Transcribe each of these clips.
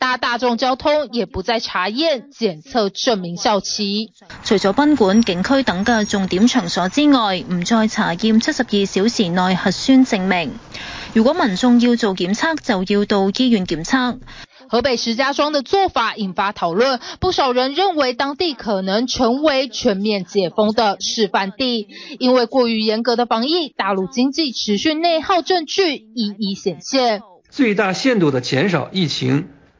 搭大眾交通也不再查驗檢測證明效期。除咗賓館、景區等嘅重點場所之外，唔再查驗七十二小時內核酸證明。如果民眾要做檢測，就要到醫院檢測。河北石家莊的做法引發討論，不少人認為當地可能成為全面解封的示範地。因為過於嚴格的防疫，大陸經濟持續內耗證據一一顯現。最大限度的減少疫情，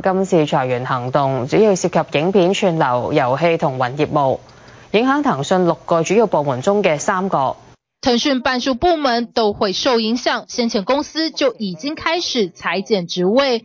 今次裁員行動主要涉及影片串流、遊戲同雲業務，影響騰訊六個主要部門中嘅三個。騰訊半數部門都會受影響，先前公司就已經開始裁減職位。